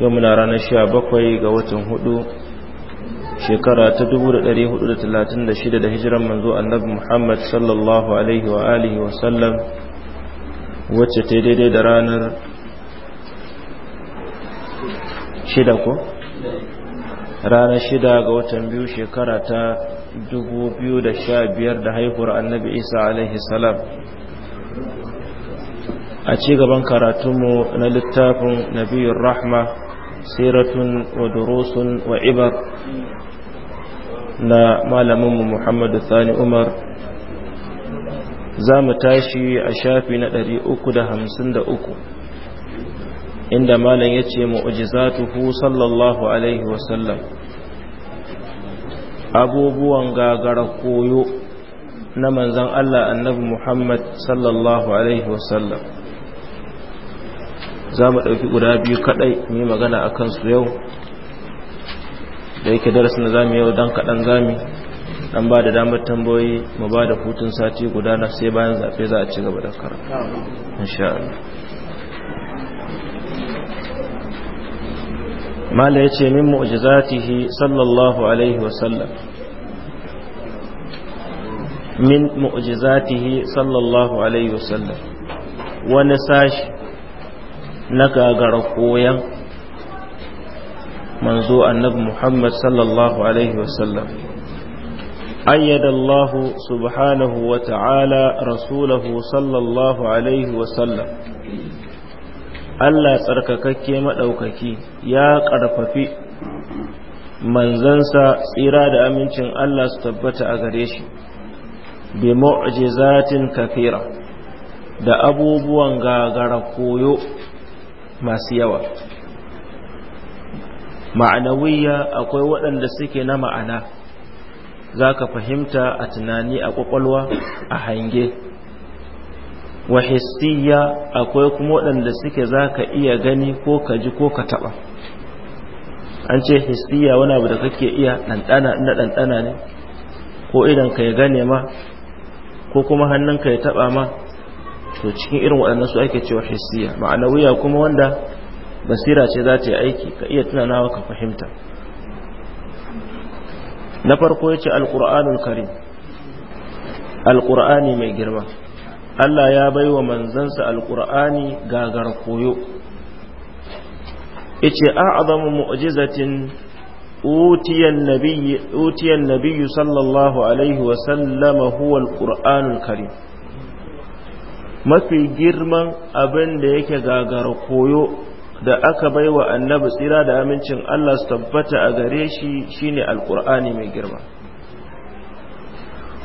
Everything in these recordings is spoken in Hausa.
yau muna ranar sha bakwai ga watan hudu shekara ta dubu da hijiran manzo annabi Muhammad sallallahu alaihi wa alihi wa sallam wacce ta daidai da ranar shida ko ranar shida ga watan biyu shekara ta 2015 da haihuwar annabi Isa alaihi salam a ci gaban karatunmu na littafin Nabiyu rahma siratun wa durusun wa ibar na malaminmu muhammadu sani umar za mu tashi a shafi na 353 inda malam ya ce mu'ujizatuhu sallallahu alaihi wasallam abubuwan gagara koyo na manzan Allah annabi Muhammad sallallahu alaihi wasallam za mu ɗauki guda biyu kaɗai mu yi magana a kansu yau da yake darasin da za mu yau don kaɗan zami an ba da damar tambayoyi mu ba da hutun sati guda na sai bayan zaɓe za a ci gaba da kara insha mala ya ce min mu'jizatihi sallallahu alaihi wasallam min mu'jizatihi sallallahu alaihi wasallam wani sashi na gagara koyan manzo annabi Muhammad sallallahu alaihi wasallam ayyada Allah subhanahu wa ta'ala rasulahu sallallahu alaihi wasallam Allah tsarkakakke maɗaukaki ya ƙarfafi manzansa tsira da amincin Allah su tabbata a gare shi bi mu'jizatin kafira da abubuwan gagara koyo masu yawa ma'anawiyya akwai waɗanda suke na ma'ana za ka fahimta a tunani a ƙwaƙwalwa a hange wa akwai kuma waɗanda suke za ka iya gani ko ka ji ko ka taɓa an ce hissiyya wani abu da kake iya ɗanɗana na ɗanɗana ne ko idan ka yi gane ma ko kuma hannunka ya taɓa ma to cikin irin waɗannan su ake cewa hissiya ma'anawiya kuma wanda basira ce za ta yi aiki ka iya tunanawa ka fahimta na farko ya ce alƙur'anul karim alƙur'ani mai girma Allah ya bai wa manzansa alƙur'ani gagar koyo ice a'azamu mu'jizatin utiyan nabiyyu sallallahu alaihi wa sallama huwa alqur'anul karim mafi girman abin da yake gagara koyo da aka bai wa annabi tsira da amincin Allah su tabbata a gare shi shine alkur'ani mai girma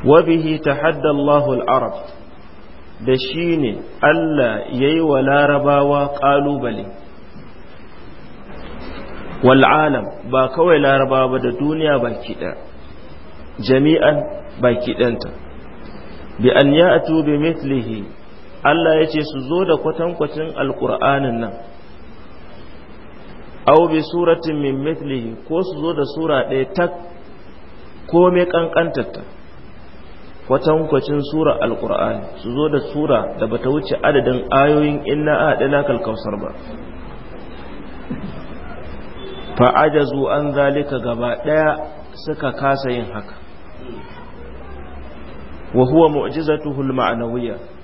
wabihi ta da shi ne Allah ya yi wa larabawa ƙalubale wal'alam ba kawai larabawa ba da duniya baki ɗaya jami'an baki ɗanta bi an ya bi mitlihi Allah ya ce su zo da kwatankwacin alkur'anin nan aw bi suratin min mithlihi ko su zo da sura ɗaya ta ko mai kwatankwacin sura alkur'ani su zo da sura da bata wuce adadin ayoyin inna a'dina kalkausar ba fa'ajazu an zalika gaba ɗaya suka kasa yin haka wa huwa mu'jizatuhul ma'anawiyya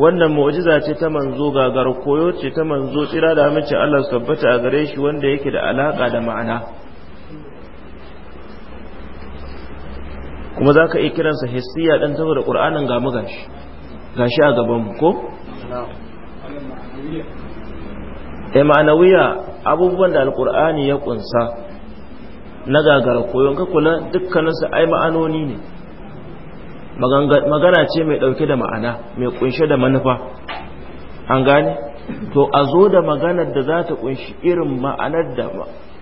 wannan mu'jiza ce ta manzo ga koyo ce ta manzo tsira da mace Allah su tabbata a gare shi wanda yake da alaka da ma'ana kuma zaka iya kiransa hissiya dan saboda Qur'anin ga mu gashi gashi a gaban mu ko eh ma'anawiya abubuwan da alqur'ani ya kunsa na gagar koyon ka kula dukkaninsu ai ma'anoni ne magana ce mai ɗauke da ma'ana mai kunshe da manufa an gane to a zo da maganar da za ta kunshi irin ma'anar da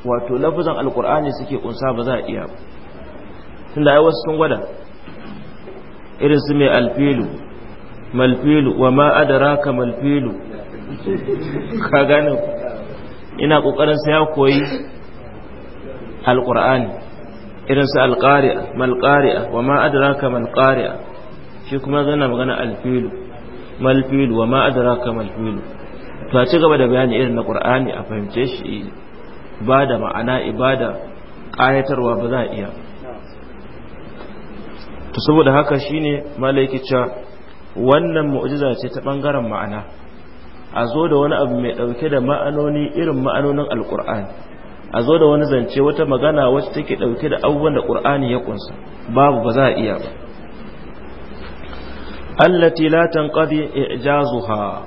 wato lafazan alkur'ani suke kunsa ba za a iya tunda ai wasu sun gwada irin su mai alfilu malfilu wa ma'adara ka malfilu ka gane ina kokarin sai ya koyi alkur'ani irin su alƙari'a malƙari'a wa ma adraka malƙari'a shi kuma zana magana alfilu malfilu wa ma adraka malfilu to a ci gaba da bayani irin na qur'ani a fahimce shi ba da ma'ana ibada ƙayatarwa ba za a iya to saboda haka shine malaiki cewa wannan mu'jiza ce ta ɓangaren ma'ana a zo da wani abu mai ɗauke da ma'anoni irin ma'anonin alƙur'ani a zo da wani zance wata magana wacce take dauke da abubuwan da qur'ani ya kunsa babu ba za a iya ba allati la tanqadi i'jazuha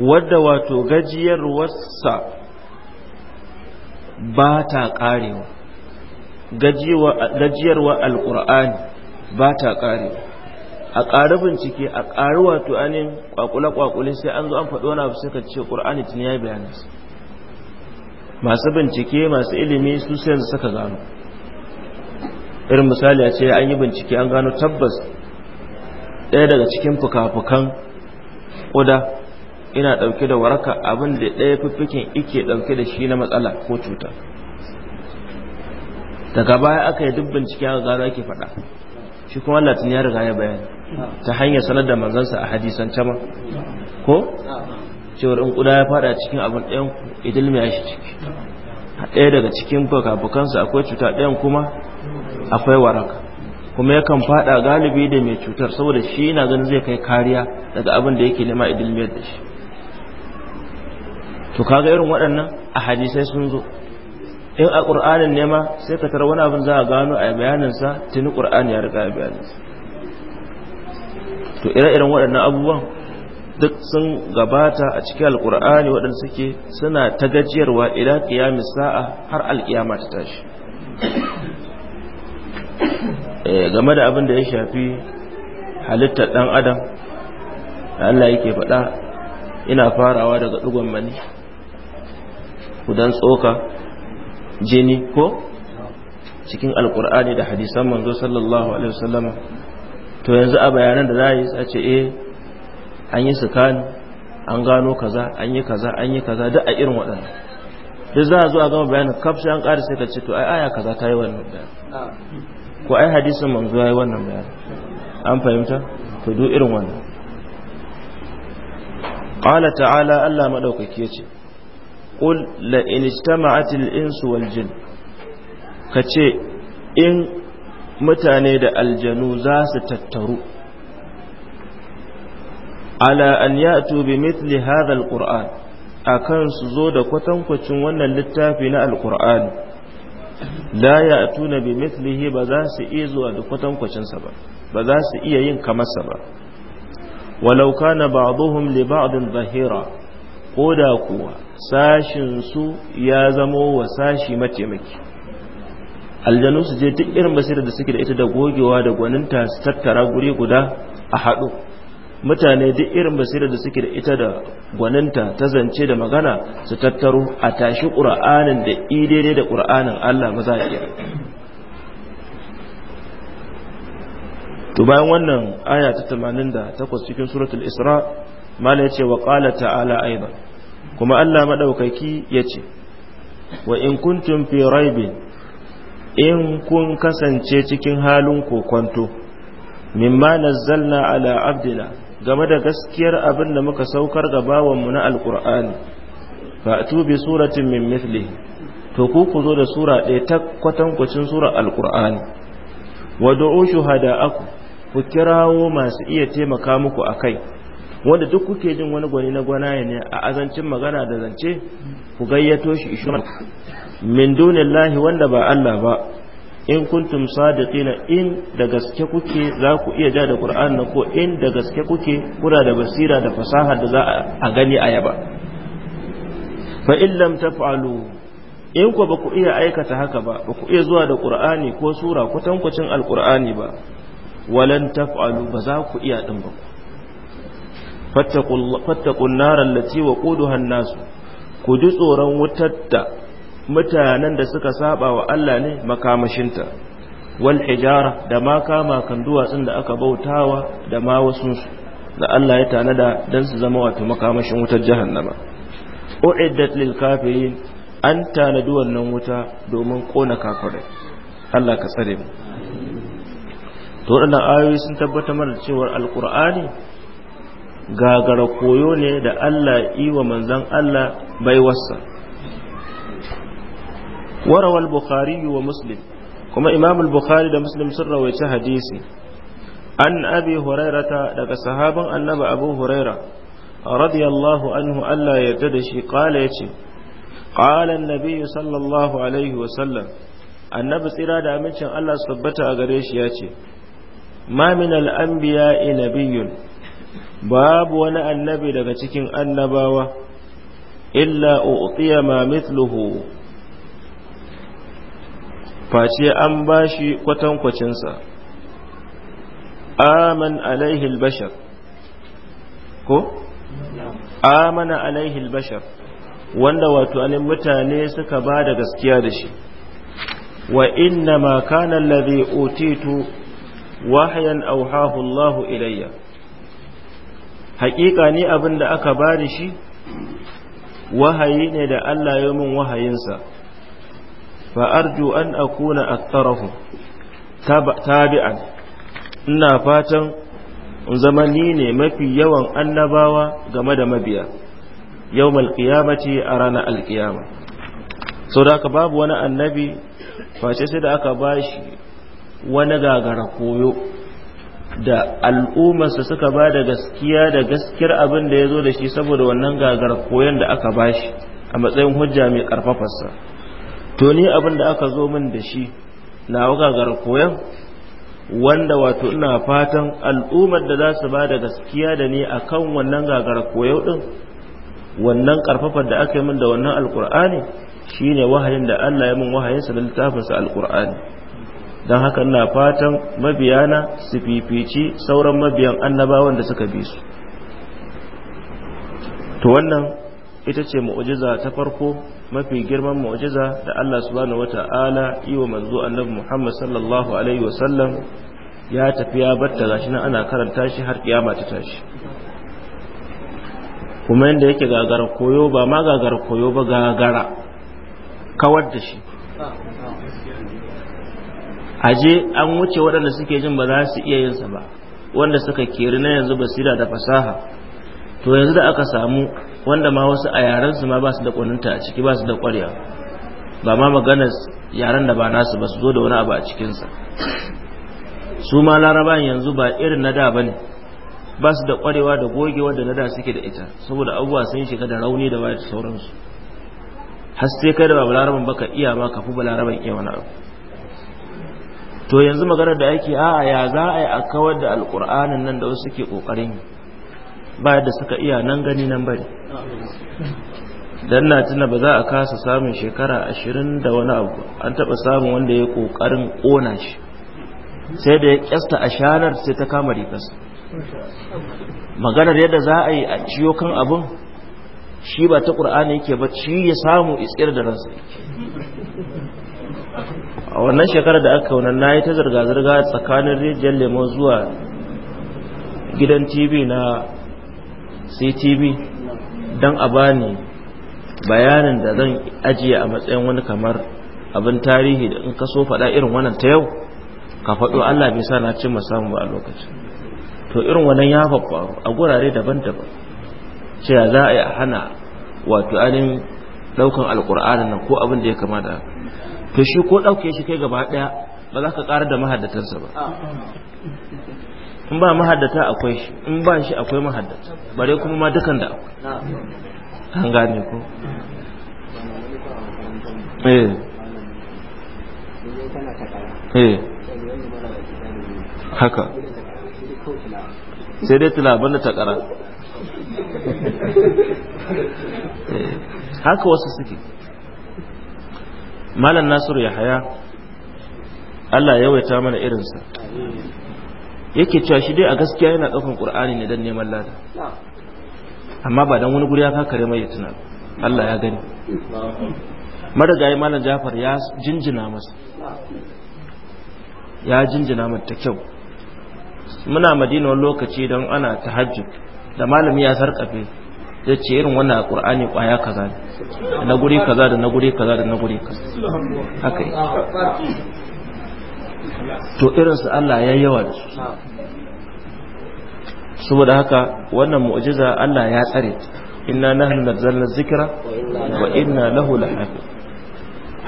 wadda wato gajiyar ba ta karewa gajiyarwa alqur'ani ba ta karewa a ƙari bincike a ƙari wato anin kwakule-kwakule sai an zo an faɗo wani abu sai ka ce ƙur'ani tun ya yi masu bincike masu ilimi su sai yanzu suka gano irin misali a ce an yi bincike an gano tabbas ɗaya daga cikin fuka-fukan ƙuda ina ɗauke da waraka abin da ɗaya fiffikin ike ɗauke da shi na matsala ko cuta daga baya aka yi duk bincike aka gano ake faɗa shi kuma Allah ya riga ya bayani ta hanyar sanar da manzansa a hadisan cama ko cewar in kuda ya fada cikin abin ɗayan idil mai shi ciki ɗaya daga cikin fukafukansa akwai cuta ɗayan kuma akwai waraka kuma ya yakan fada galibi da mai cutar saboda shi yana ganin zai kai kariya daga abin da yake nema idilmiyar da shi to kaga irin waɗannan a hadisai sun zo in a ƙur'anin nema sai ka tara wani abin za gano a bayaninsa tuni ƙur'ani ya riga bayaninsa to ire-iren waɗannan abubuwan duk sun gabata a cikin alkur'ani waɗanda suke suna ta gajiyarwa ila kiyami sa'a har alkiyama ta tashi eh, game da abin da ya shafi halittar ɗan adam da Allah yake faɗa ina farawa daga ɗugon mani kudan tsoka jini ko cikin alkur'ani da hadisan manzo sallallahu alaihi wasallama to yanzu a bayanan da za a yi sace eh an yi sukan an gano kaza an yi kaza an yi kaza duk a irin waɗannan duk za a zo a gama bayanin kafshi an ƙara sai ka ce to ai aya kaza ta yi wannan bayan. ko ai hadisin manzo yi wannan bayan. an fahimta to duk irin wannan qala ta'ala Allah madaukaki yace qul la in ijtama'atil insu wal jin kace in mutane da aljanu za su tattaru ala an ya'tu bi mithli hadha alquran akan su zo da kwatankwacin wannan littafi na alquran la ya'tuna bi mithlihi ba za su iya zuwa da kwatankwacin sa ba ba za su iya yin kamar sa ba walau kana ba'dhum li ba'd zahira da kuwa sashin su ya zamo wa sashi mataimaki aljanu su je duk irin basira da suke da ita da gogewa da gwaninta su tattara guri guda a haɗu mutane duk irin basirar da suke da ita da gwaninta ta zance da magana su tattaro a tashi ƙura'anin da idere da ƙura'anin Allah maza iya to bayan wannan aya ta 88 cikin suratul isra mala yace wa ƙala ta'ala aiba kuma Allah maɗaukaki ya ce. wa in kuntum fi rabi in kun kasance cikin halin kokonto mimma nazzalna ala abdina game da gaskiyar abin da muka saukar ga bawanmu na alkur'ani fa'tu bi suratin min mithli to ku ku zo da sura ɗaya ta kwatankwacin sura alkur'ani wa du'u shuhada'aku ku kirawo masu iya taimaka muku akai wanda duk kuke jin wani gwani na gwanaye ne a azancin magana da zance ku gayyato shi ishuma min dunillahi wanda ba Allah ba in kuntum sadiqina in da gaske kuke za ku iya ja da qur'an na ko in da gaske kuke kuna da basira da fasaha da za a gani a yaba fa in lam taf'alu in ku ba ku iya aikata haka ba ba ku iya zuwa da qur'ani ko sura tankucin alqur'ani ba walan taf'alu ba za ku iya din ba fattaqun nar allati waquduha an-nas ku ji tsoron wutar da mutanen da suka saba wa Allah ne makamashinta wal hijara da ma kama kan duwatsun da aka bautawa da ma wasu da Allah ya tanada dan su zama wato makamashin wutar jahannama uiddat lil kafirin an tanadi wannan wuta domin kona kafirai Allah ka tsare mu to waɗannan ayoyi sun tabbata mana cewa alkur'ani gagara koyo ne da Allah yi wa manzan Allah baiwarsa وروى البخاري ومسلم كما إمام البخاري ده مسلم سر ويتش حديثي عن أبي هريرة لك صحابا النبى أبو هريرة رضي الله عنه ألا يرتدشي قال يتي قال النبي صلى الله عليه وسلم annabi tsira da amincin Allah su tabbata a gare shi ya ce ma min al'ambiya nabiyyun babu wani annabi daga cikin annabawa illa u'tiya ma mithluhu face an bashi kwatankwacinsa aman alaihi albashar ko amana alaihi albashar wanda wato anin mutane suka ba da gaskiya da shi wa inna ma kana alladhi utitu wahyan awhahu Allahu ilayya haƙiƙa ne abin da aka ba da shi wahayi ne da Allah ya min wahayinsa فأرجو أن أكون أكثره تابعا إنا فاتا زمنين مفي يوم النباوة غمد مبيا يوم القيامة أرانا القيامة سورة كباب وانا النبي فاشسد أكباش وانا غاغر قويو da su suka ba da gaskiya da gaskiyar abin da ya zo da shi saboda wannan gagar koyon da aka bashi a matsayin hujja mai ƙarfafarsa to ni abin da aka zo min da shi na gagara koyon wanda wato ina fatan al'ummar da za su ba da gaskiya da ni akan wannan gagara koyau din wannan karfafar da aka yi min da wannan alkur'ani shine wahayin da Allah ya min wahayin sa da littafin alkur'ani dan haka ina fatan mabiyana su fifici sauran mabiyan annabawan da suka bi su to wannan ita ce mu'jiza ta farko mafi girman mu'jiza da Allah subhanahu wata'ala yi wa manzo annabi Muhammad sallallahu alaihi wasallam ya tafi ya batta gashi nan ana karanta shi har kiyama ta tashi kuma inda yake gagara koyo ba ma gagara koyo ba gagara kawar da shi aje an wuce waɗanda suke jin ba za su iya yin sa ba wanda suka keri na yanzu basira da fasaha to yanzu da aka samu wanda ma wasu a yaren su ma ba su da kwaninta a ciki ba su da kwarewa ba ma magana yaren da ba nasu ba su zo da wani abu a cikinsa su ma laraban yanzu ba irin na da ba ne ba su da kwarewa da gogewa da na da suke da ita saboda abubuwa sun shiga da rauni da wayar sauransu har sai kai da ba laraban ka iya ma ka fi ba laraban iya wani abu to yanzu maganar da ake a'a ya za a yi a kawar da alkur'anin nan da wasu suke kokarin ba da suka iya nan gani nan bari dan na tuna ba za a kasa samun shekara ashirin da wani abu an taɓa samun wanda ya ƙoƙarin kona shi sai da ya ƙyasta a shanar sai ta kama rikas maganar yadda za a yi a ciyo kan abin shi ba ta ƙur'ani yake ba shi ya samu iskir da ransa a wannan shekarar da aka kaunar na yi ta zirga-zirga tsakanin rijiyar lemo zuwa gidan tv na ctv don a bani bayanin da zan ajiye a matsayin wani kamar abin tarihi da in ka so faɗa irin wannan ta yau ka faɗo allah bai sa na ce samu ba a lokacin to irin wannan ya faru a gurare daban-daban cewa za a yi a hana wato ainihin ɗaukan alƙur'anin nan ko abin da ya kama da to shi ko ɗauke shi kai gaba ɗaya ba za ka ƙara da mahaddatansa ba in ba mahaddata akwai shi in ba shi akwai mahaddata bare kuma ma dukan da akwai an gane ko eh eh haka sai dai tilaban da takara eh. haka wasu suke malam nasiru ya haya Allah yawaita mana irinsa yake cewa shi dai a gaskiya yana ɗaukan ƙur'ani ne don neman lada amma ba don wani guri ya kakare mai ya tuna Allah ya gani marigayi malam jafar ya jinjina masa ya jinjina mata kyau muna madina wani lokaci don ana ta hajji da malami ya sarkafe ya ce irin wani a ƙur'ani ƙwaya kaza ne na guri kaza da na guri kaza da na guri kaza haka to irinsu Allah ya yawa da su saboda haka wannan mu'jiza Allah ya tsare inna nahnu nazzalna dhikra wa inna lahu lahafiz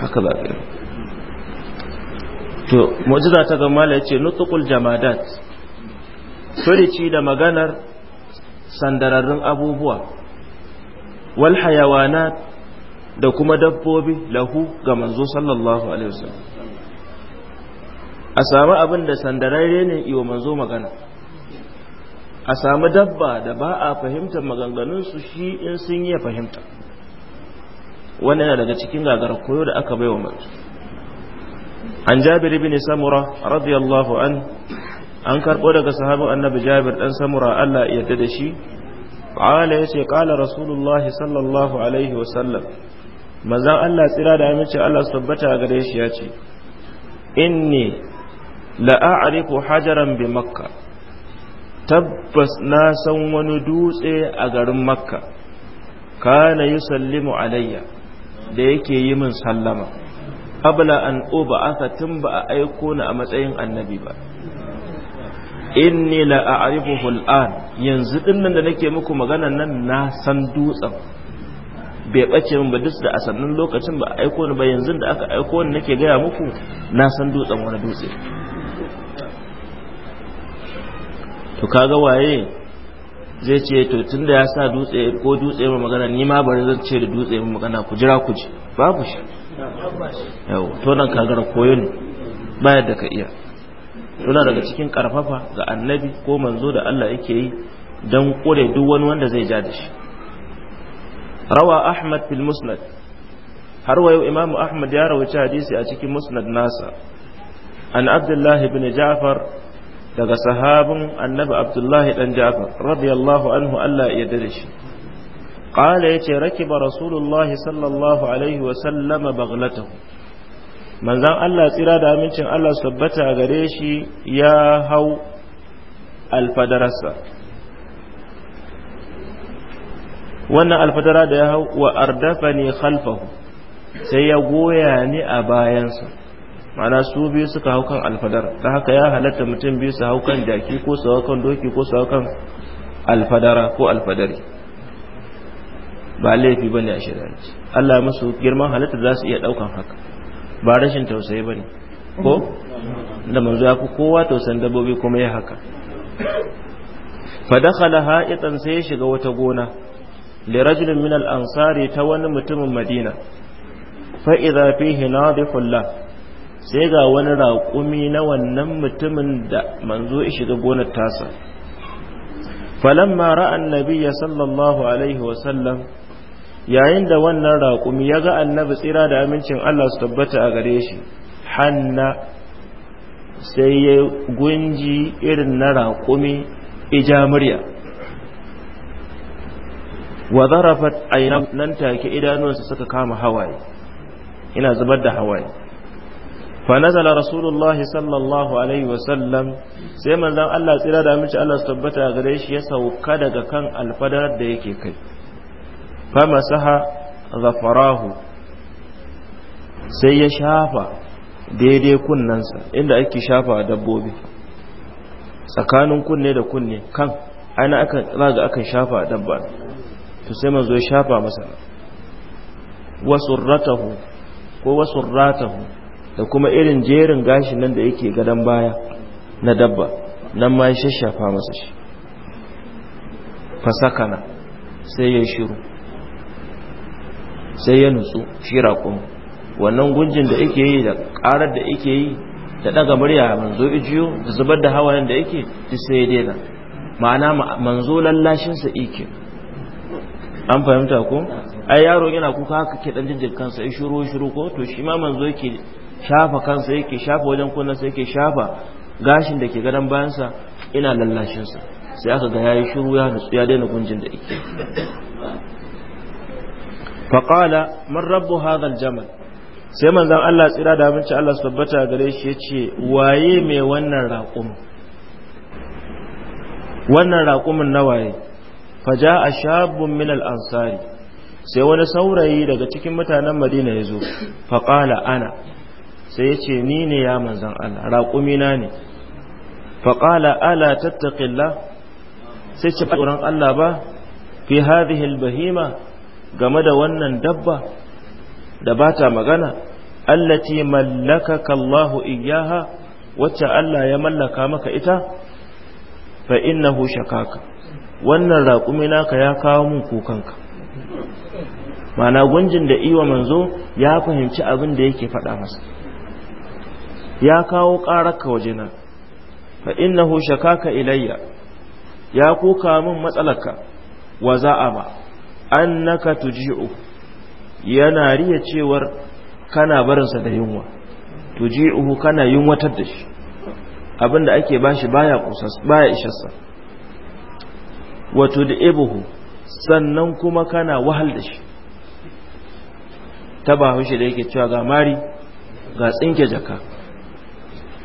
haka ba kai to mu'jiza ta gama la yace nutqul jamadat furici da maganar sandararrun abubuwa wal hayawanat da kuma dabbobi lahu ga manzo sallallahu alaihi wasallam a samu abin da sandararre ne iwa manzo magana a samu dabba da ba a fahimtar maganganunsu shi in sun yi fahimta wannan yana daga cikin gagar koyo da aka bai wa manzo an jabir ibn samura radiyallahu an an karbo daga sahabu annabi jabir dan samura Allah ya yarda da shi qala yace qala rasulullah sallallahu alaihi wa sallam manzon Allah tsira da aminci Allah tabbata gare shi yace inni la'a'ariku hajaran bi makka tabbas na san wani dutse a garin makka kana yi sallimu alayya da yake yi min sallama abla an uba aka tun ba a aiko ni a matsayin annabi ba inni la'a'arifu hul'an yanzu dinnan da nake muku maganan nan na san dutsen bai ɓace min ba duk da a sannan lokacin ba aiko ni ba yanzu da aka aiko ni nake gaya muku na san dutsen wani dutse to kaga waye zai ce to tunda ya sa dutse ko dutse mai magana ni ma bari zan ce da dutse mai magana ku jira ku ji babu shi yau to nan ka koyo ne bayar da ka iya yana daga cikin karfafa ga annabi ko manzo da Allah yake yi don kure duk wani wanda zai ja da shi rawa ahmad fil musnad har wayo imamu ahmad ya rawaci hadisi a cikin musnad nasa an abdullahi ibn ja'far daga sahabin annabi abdullahi dan jafar radiyallahu anhu Allah ya dare shi qala yace rakiba rasulullahi sallallahu alaihi wa sallama baghlatahu manzon Allah tsira da amincin Allah su tabbata gare shi ya hau alfadararsa wannan alfadara da ya hau wa ardafani khalfahu sai ya goya ni a bayansa ma'ana su biyu suka hau kan alfadar da haka ya halatta mutum biyu su hau kan jaki ko su hau kan doki ko su hau kan alfadara ko alfadari ba laifi ba ne a shirarci Allah musu girman halatta za su iya ɗaukan haka ba rashin tausayi ba ne ko da manzo ya fi kowa tausan dabbobi kuma ya haka fadakhala ha'itan sai ya shiga wata gona da rajulin min al-ansari ta wani mutumin Madina fi hina da nadifullah sai ga wani raƙumi na wannan mutumin da manzo ya shiga gonar tasa falamma ra'an nabiyya sallallahu alaihi wasallam yayin da wannan raƙumi ya ga annabi tsira da amincin Allah su tabbata a gare shi hanna sai ya gunji irin na raƙumi ija murya wa zarafat nan take idanunsa suka kama hawaye ina zubar da hawaye فنزل رسول الله صلى الله عليه وسلم sai manzon Allah tsira da mace Allah su tabbata gare shi ya sauka daga kan alfadarar da yake kai famasaha ghafarahu sai ya shafa daidai kunnensa inda ake shafa dabbobi tsakanin kunne da kunne kan ana akan zaga akan shafa dabba to sai manzo ya shafa ko da kuma irin jerin gashin nan da yake gadon baya na dabba nan ma ya shashafa masa shi fasakana sai ya shiru sai ya nutsu shira kuma wannan gunjin da yake yi da karar da yake yi da daga murya manzo ijiyo da zubar da hawa da yake duk sai ya daina ma'ana manzo lallashinsa ike an fahimta ko ai yaro yana kuka haka ke dan jinjin kansa ya shiru shiru ko to shi ma manzo yake shafa kansa yake shafa wajen sai yake shafa gashin da ke gadon bayansa ina lallashinsa sai aka ga yayi shiru ya nutsu ya daina gunjin da yake Faƙala man rabbu hadha jamal sai manzon Allah tsira da abinci Allah su tabbata gare shi yace waye mai wannan wannan raƙumin na waye a shabun min al-ansari sai wani saurayi daga cikin mutanen Madina yazo faƙala ana sai ya ce ni ne ya manzan Allah raƙumina ne faƙala ala tattaƙilla sai ce tsoron Allah ba fi haɗi, bahima game da wannan dabba da ba ta magana allati mallakaka Allahu iyyaha wacce Allah ya mallaka maka ita fa innahu shakaka wannan raƙumi ka ya kawo mun kukanka mana gunjin da iwa manzo ya fahimci abin da yake faɗa masa ya kawo ƙararka nan fa innahu shakaka ilayya ya kuka min matsalarka wa za'a ba annaka tuji'u yana riya cewar kana barinsa da yunwa tuji'u kana yunwatar da shi abinda ake bashi baya kusas baya isharsa wa tud'ibuhu sannan kuma kana wahal da shi ta bahaushe da yake cewa ga mari ga tsinke jaka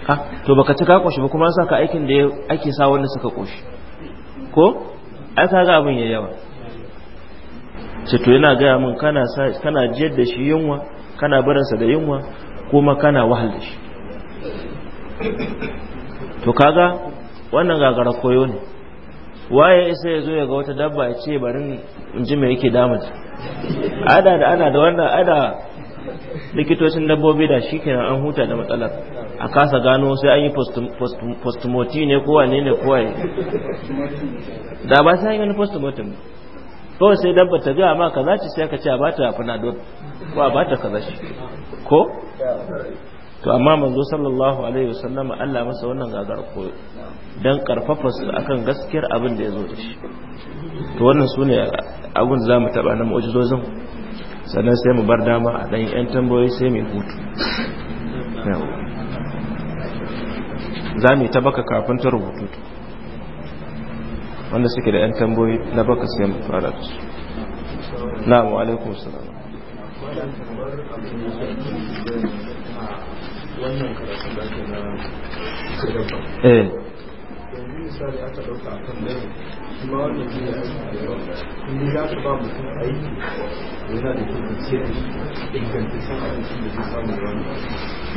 ha to baka ci ka koshi ba kuma saka aikin da ake sa wanda suka koshi ko ai ka ga abin ya yawa ce to yana gaya min kana kana jiyar da shi yunwa kana sa da yunwa kuma kana wahal da shi to kaga wannan gagara koyo ne waye isa ya zo ya ga wata dabba ya ce barin in ji me yake damu ada da ana da wannan ada likitocin dabbobi da shi kenan an huta da matsalar a kasa gano sai an yi postmortem ne kowa ne ne kowa da ba sai an yi postmortem to sai dabba ta gaya ma kaza ce sai ka ce a ba ta fanadol ko a ba ta kaza shi ko to amma manzo sallallahu alaihi wasallam Allah masa wannan gagar koyo dan karfafa su akan gaskiyar abin da ya zo da shi to wannan sune abin da zamu taba na mu'jizozin sannan sai mu bar dama a ɗan yan tambayoyi sai mai hutu za mu yi ta baka kafin ta rubutu wanda suke da yan tambayoyi na baka sai mu fara da su na wa alaikun salam wannan eh. karatun da ake na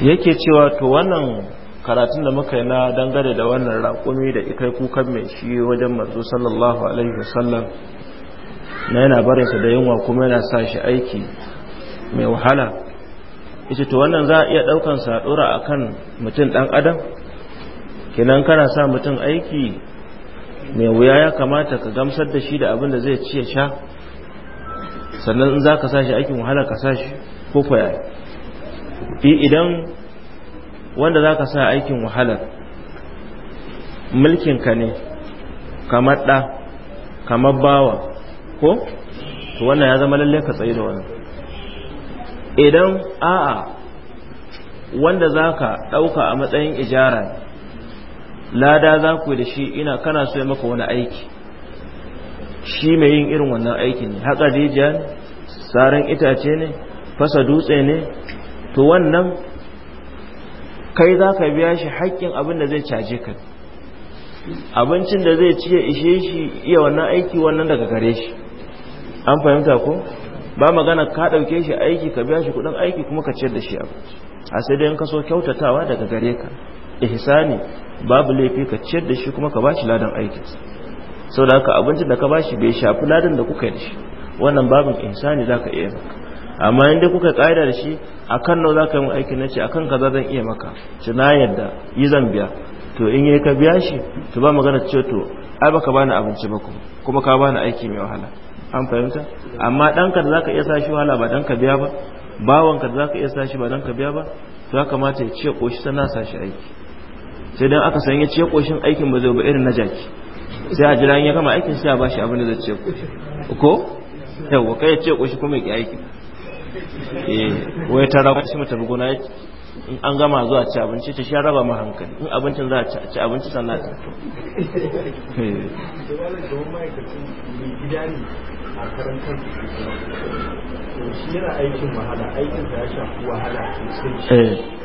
yake cewa to wannan karatun da muka yi na dangane da wannan raƙumi da ikai kukan mai shi wajen manzo sallallahu alaihi wasallam na yana barinsa da yunwa kuma yana sa shi aiki mai wahala ita to wannan za a iya ɗaukansa a ɗora a kan mutum ɗan adam kinan kana sa mutum aiki mai wuya ya kamata ka gamsar da shi da abin da zai ciye sha sannan in za ka sa shi aikin wahala ka sa shi ko kwaya idan wanda za ka sa aikin wahalar mulkinka ne kamar ɗa kamar bawa ko to wannan ya zama lalle ka tsaye da wani, idan a'a wanda za ka ɗauka a matsayin ijara lada za ku da shi ina kana so ya maka wani aiki shi mai yin irin wannan aiki ne haka jijiya ne saran itace ne fasa dutse ne to wannan kai za ka biya shi haƙƙin abin da zai caje ka abincin da zai ciye ishe shi iya wannan aiki wannan daga gare shi an fahimta ko ba magana ka ɗauke shi aiki ka biya shi kuɗin aiki kuma ka ciyar da shi abinci a sai dai in ka so kyautatawa daga gare ka ihsani babu laifi ka ciyar da shi kuma ka ba shi ladan aikinsa da haka abincin da ka ba bashi bai shafi ladan da kuka yi da shi wannan babin ihsani ka iya maka amma in dai kuka kaida da shi a kan akan za zaka yi aikin na a akan kaza zan iya maka ci na yadda yi zan biya to in yi ka biya shi to ba magana ce to ai baka bani abinci ba kuma ka bani aiki mai wahala an fahimta amma ɗanka da ka iya sa shi wahala ba ka biya ba bawanka da ka iya sa shi ba ka biya ba to ya kamata ya ce koshi sana sa shi aiki sai dan aka san ya ce koshin aikin ba zai ba irin na jaki sai a jira ya gama aikin sai a bashi abin da zai ce koshi ko yawa kai ya ce koshi kuma ya aiki eh wai ta raba shi mutum gona in an gama zuwa ci abinci ta sha raba ma hankali in abincin za a ci abinci sannan ta to a karantar shi yana aikin wahala aikin da ya shafi wahala sosai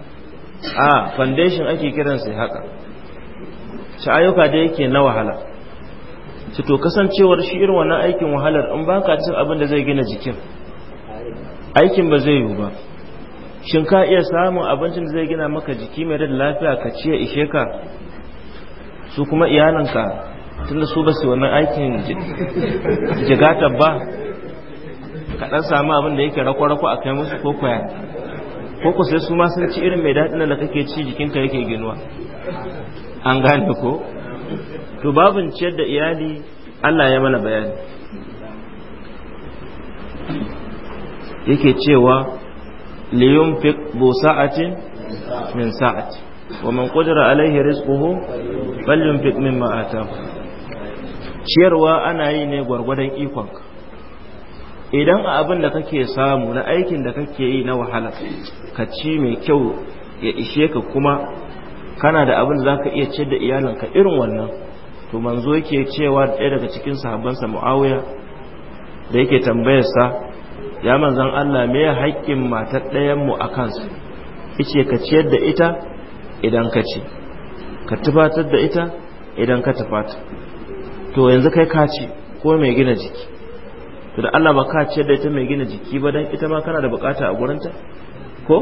a foundation ake kiran sai haka sha'ayuka da yake na wahala su to kasancewar shi irin wannan aikin wahalar in baka ka cin abin da zai gina jikin aikin ba zai yiwu ba shin ka iya samun abincin da zai gina maka jiki mai da lafiya ka ciye ishe ka su kuma tun tunda su ba su wannan aikin jigatar ba kaɗan sami abin da yake rako-rako a kai musu ko kwaya ko ku sai su ma sun ci irin mai daɗin da kake ci jikinka yake ginuwa an gane ko to babin ciyar da iyali Allah ya mana bayani yake cewa liyunfiq bu sa'atin min sa'ati wa man qadara alaihi rizquhu falyunfiq mimma ataahu ciyarwa ana yi ne gwargwadon ikonka idan a abin da kake samu na aikin da kake yi na wahala ka ci mai kyau ya ishe ka kuma kana da abin da za ka iya ciyar da iyalinka irin wannan to manzo yake cewa ɗaya daga cikin sahabbansa mu'awiya da yake tambayarsa ya manzan Allah me ya haƙƙin matar ɗayanmu a kansu ice ka ciyar da ita idan ka ci ka tufatar da ita idan ka tufata to yanzu kai ka ci ko mai gina jiki to da Allah ba ka ciyar da ita mai gina jiki ba dan ita ma kana da bukata a gurinta ko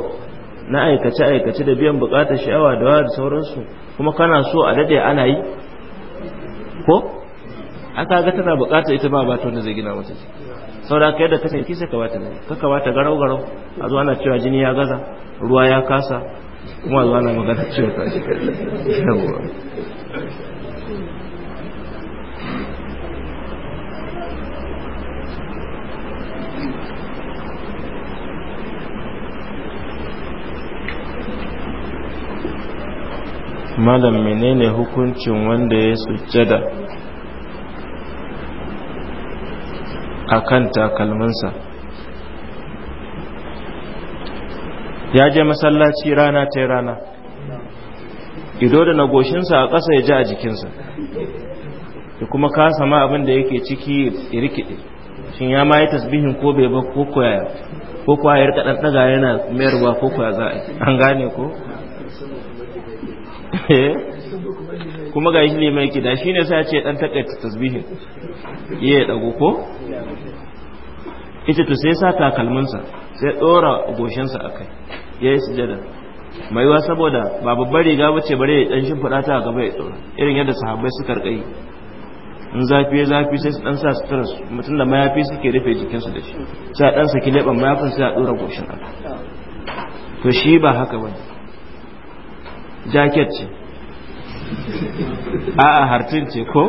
na aikace aikace da biyan bukatar sha'awa da wani da sauransu kuma kana so a dade ana yi ko aka ga tana bukata ita ba ba to ne zai gina mata jiki saboda kai da ka sanki sai ka bata ne ka ka garau garau a zuwa ana cewa jini ya gaza ruwa ya kasa kuma zuwa ana magana cewa ka shi yawa malam menene hukuncin wanda ya sujjada a kan takalminsa ya je masallaci rana ta rana ido da nagoshinsa a ƙasa ya ji a jikinsa da kuma kasa ma abin da yake ciki rikide shin ya ma yi tasbihin ko bai ba ko koya ko koya ya rika ɗanɗaga yana mayarwa ko koya za a an gane ko Eh? kuma ga shi ne mai kida shi ne sai ce dan takaita tasbihin ya dago ko ita to sai sa takalminsa sai dora goshinsa akai ya yi sujada mai yiwa saboda ba babbar riga bace bare dan dan fada ta a gaba ya dora irin yadda sahabbai suka karkai in zafi ya zafi sai su dan sa sutura su mutum da mayafi suke rufe jikinsu da shi sai a dan saki leban mayafin sai a dora goshin akai to shi ba haka bane jaket ce a'a harcin ce ko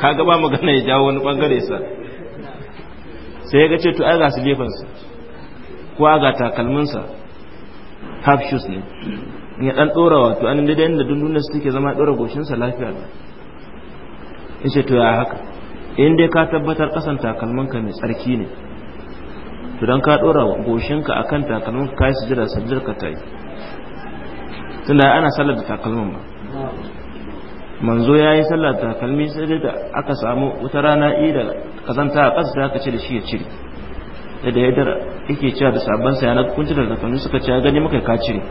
ka gaba magana ya jawo wani bangare sa sai ga ce to ai ga su jefansa ko ga takalminsa half shoes ne ya dan dora wato an da yanda dundunan su take zama dora goshinsa lafiya ne yace to ya haka in dai ka tabbatar kasan takalminka mai tsarki ne to dan ka dora goshinka akan takalminka kai sujjada sujjar ka tayi tunda ana sallar da takalmin ba manzo ya yi sallar da takalmi sai dai da aka samu wata rana yi da kazanta a ƙasa da aka ce da shi ya cire da da yadda yake cewa da sabon sa yana kunci da takalmi suka ce gani muka ka cire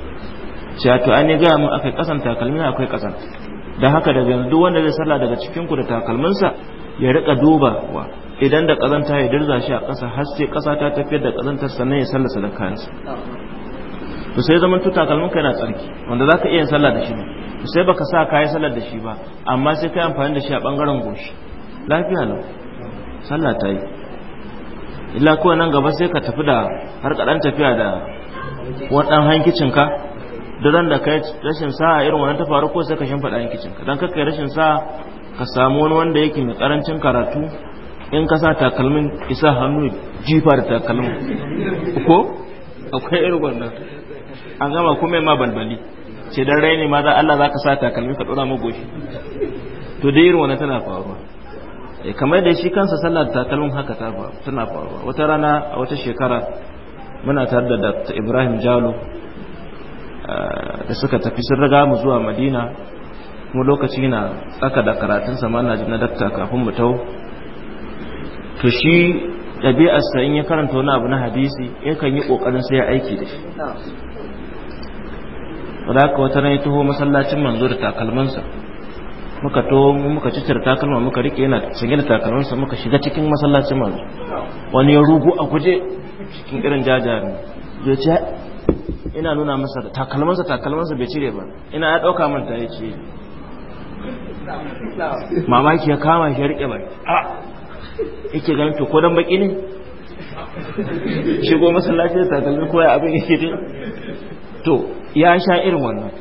cewa to an yi gaya mun akai kasan takalmi akwai ƙasan da haka daga yanzu wanda zai sallar daga cikinku ku da takalminsa ya rika duba wa idan da kazanta ya dirza shi a ƙasa har sai ƙasa ta tafiyar da kazantar sannan ya sallar da kayansa to sai zaman tuta kalmun kai na tsarki wanda za ka iya sallah da shi ne to sai baka sa yi sallah da shi ba amma sai kai amfani da shi a bangaren goshi lafiya lau sallah ta yi illa kuwa nan gaba sai ka tafi da har kaɗan tafiya da waɗan hankicinka da ran da kai rashin sa'a irin wannan ta faru ko sai ka shimfiɗa hankicinka don kakkai rashin sa'a ka samu wani wanda yake mai ƙarancin karatu in ka sa takalmin isa hannu jifa da takalmin ko akwai irin wannan an gama kuma ma balbali ce dan raini ma za Allah zaka sa takalmi ka dora mu to dai irin wannan tana faruwa eh kamar da shi kansa sallar takalmin haka ta faru tana faruwa wata rana a wata shekara muna tare da Dr. Ibrahim Jalo eh, da suka tafi sun riga mu zuwa Madina kuma lokaci na tsaka da karatun sama na na dakta kafin mu tau to shi ɗabi'arsa in ya karanta wani abu na hadisi kan yi ƙoƙarin sai ya aiki da shi da haka wata na yi taho masallacin manzo da takalmansa muka to muka ci cire takalma muka rike yana sanye da takalmansa muka shiga cikin masallacin manzo wani ya rugu a guje cikin irin jajayen zai ce ina nuna masa takalmansa takalmansa bai cire ba ina ya dauka man ta ce mamaki ya kama shi ya rike ba, a yake ganin to ko baki ne shigo masallacin takalmi ko ya abin yake to ya sha irin wannan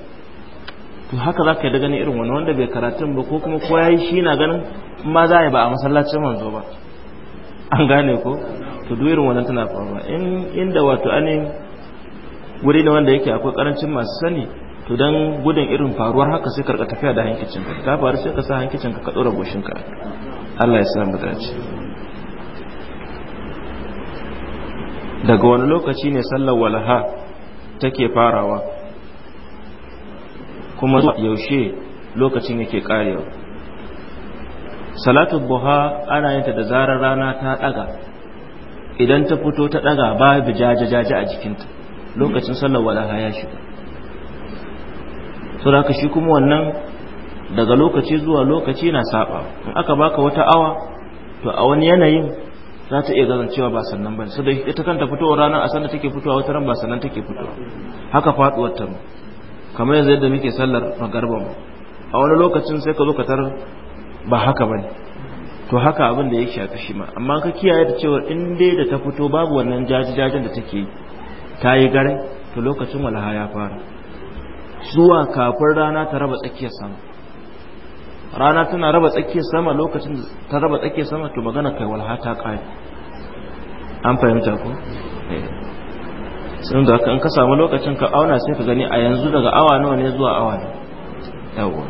to haka za ka yi ganin irin wannan wanda bai karatun ba ko kuma ko ya yi shi na ganin ma za a ba a masallacin manzo ba an gane ko to duk irin wannan tana faruwa in inda wato ane wuri ne wanda yake akwai karancin masu sani to dan gudun irin faruwar haka sai karka tafiya da hankicin ka ta faru sai ka sa hankicin ka ka dora goshin ka Allah ya sa mu dace daga wani lokaci ne sallar walaha take farawa kuma yaushe lokacin yake karewa salatu buha ana yin da zarar rana ta daga idan ta fito ta daga babu jaje-jaje a jikinta lokacin sallar walaha ya shiga so da shi kuma wannan daga lokaci zuwa lokaci na saba in aka baka wata awa to a wani yanayin za ta iya gazancewa ba sannan ba sai da ita kanta fitowar ranar a sanda take fitowa wata ran ba sannan take fitowa haka faduwar ta kamar yanzu yadda muke sallar magarban a wani lokacin sai ka zo ka tarar ba haka bane to haka abin da ya shafi shi ma amma ka kiyaye da cewa in dai da ta fito babu wannan jaji-jajin da take ta yi gare to lokacin walaha ya fara zuwa kafin rana ta raba tsakiyar sama rana tana raba tsakiyar sama lokacin da ta raba tsakiyar sama to magana kai walaha ta kare an fahimta ko eh. sun da in ka samu lokacin ka auna sai ka gani a yanzu daga awa nawa ne zuwa awa ne yawa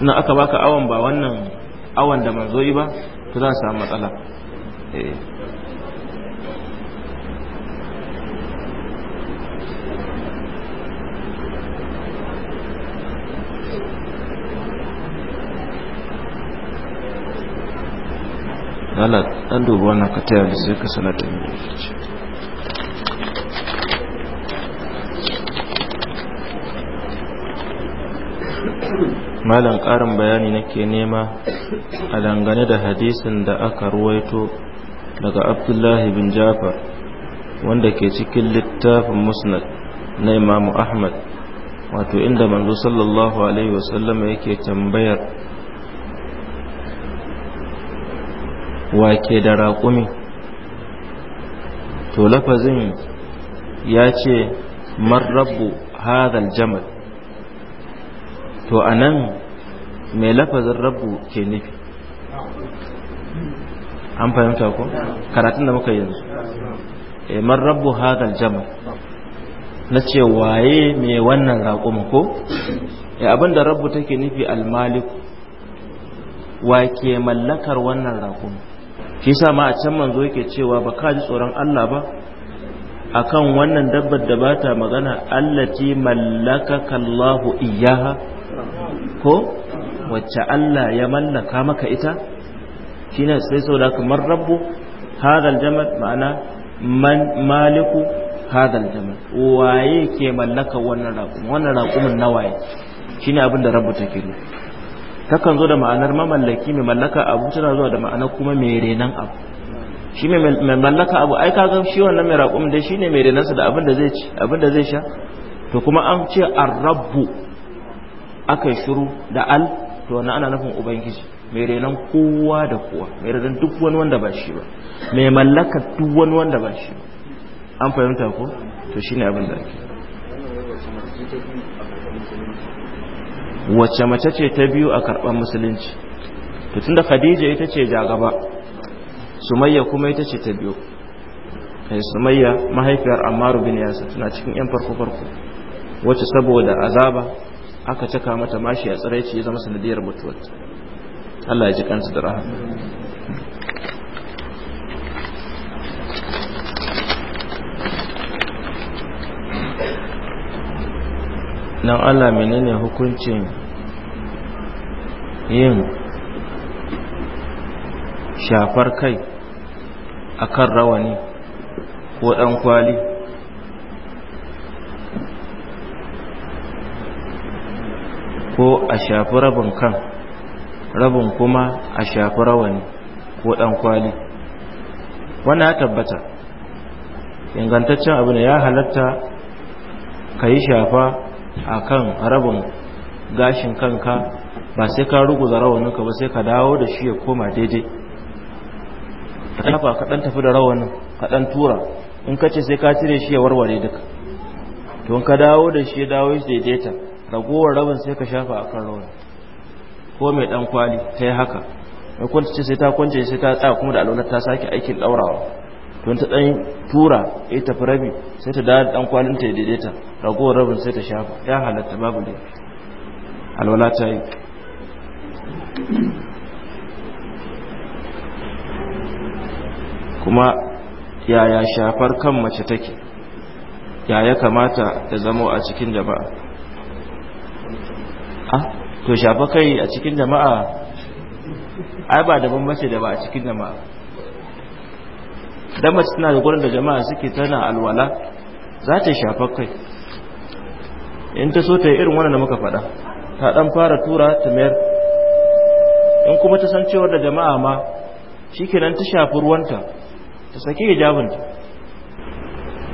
ina aka baka awan ba wannan awan da manzo yi ba to za a samu matsala eh. Allah ɗan dubu wannan ka taya da sai ka salata mai rikici malam ƙarin bayani nake nema a dangane da hadisin da aka ruwaito daga abdullahi bin jafar wanda ke cikin littafin musnad na imamu ahmad wato inda manzo sallallahu alaihi wasallama yake tambayar wake da raƙumi to lafazin ya ce marrabu rabbu hadal jamal to a nan mai lafazin rabu ke nufi an fahimta ko karatun da muka yanzu iman eh, rabu hadal jama na ce waye mai wannan raƙuma ko ya eh, abinda rabu take nufi almaliku wa ke mallakar wannan raƙuma ki sa ma a can manzo yake cewa ba ka ji tsoron Allah ba akan wannan dabbar da bata magana allati mallakaka Allahu iyyaha ko wacce Allah ya mallaka maka ita shine sai sau da kamar rabbu hadal jamal ma'ana man maliku hadal jamal waye ke mallaka wannan raƙumin wannan raƙumin na waye shine abin da rabbu take nufi takan zo da ma'anar mamallaki mai mallaka abu tana zuwa da ma'anar kuma mai renan abu shi mai mallaka abu ai ka ga shi wannan mai raƙumin shi shine mai renansa da abin da zai ci abin da zai sha to kuma an ce ar-rabbu aka yi shiru da al to wannan ana nufin ubangiji mai renon kowa da kowa mai renon duk wani wanda ba shi ba mai mallaka duk wani wanda ba shi ba an fahimta ko to shine abin da ake wacce mace ce ta biyu a karɓar musulunci to tunda khadija ita ce ja gaba. sumayya kuma ita ce ta biyu kai eh, sumayya mahaifiyar ammaru bin yasa tana cikin yan farko farko wacce saboda azaba aka caka mata mashi a tsiraici ya zama sanadiyar mutuwar Allah ya ji kansu da rahama nan Allah menene hukuncin yin shafar kai akan rawani ko ɗan kwali ko a shafi rabin kan rabin kuma a shafi rawani ko dan kwali wannan ya tabbata ingantaccen abu ne ya halatta ka yi shafa a kan rabin gashin kanka ba sai ka ruguza rawaninka ba sai ka dawo da shi ya koma daidai ka tafa ka ɗan tafi da rawanin ka dan tura in ka ce sai ka cire shi ya warware duka to in ka dawo da shi ya dawo shi daidaita ragowar rabin sai ka shafa a kan rawar ko mai dan kwali ta yi haka mai kwanta ce sai ta kwance sai ta tsaya kuma da alaunar ta sake aikin ɗaurawa don ta ɗan tura ya tafi rabi sai ta dawo dan kwalin ta ya daidaita ragowar rabin sai ta shafa ya halatta babu ne alwala ta yi kuma yaya shafar kan mace take yaya kamata ta zama a cikin jama'a ah to shafa kai a cikin jama'a ai ba daban mace da ba a cikin jama'a dan mace tana da gurin da jama'a suke tana alwala za ta shafa kai in ta so ta yi irin wannan da muka faɗa ta dan fara tura ta mayar in kuma ta san cewar da jama'a ma shikenan ta shafi ruwanta ta saki hijabinta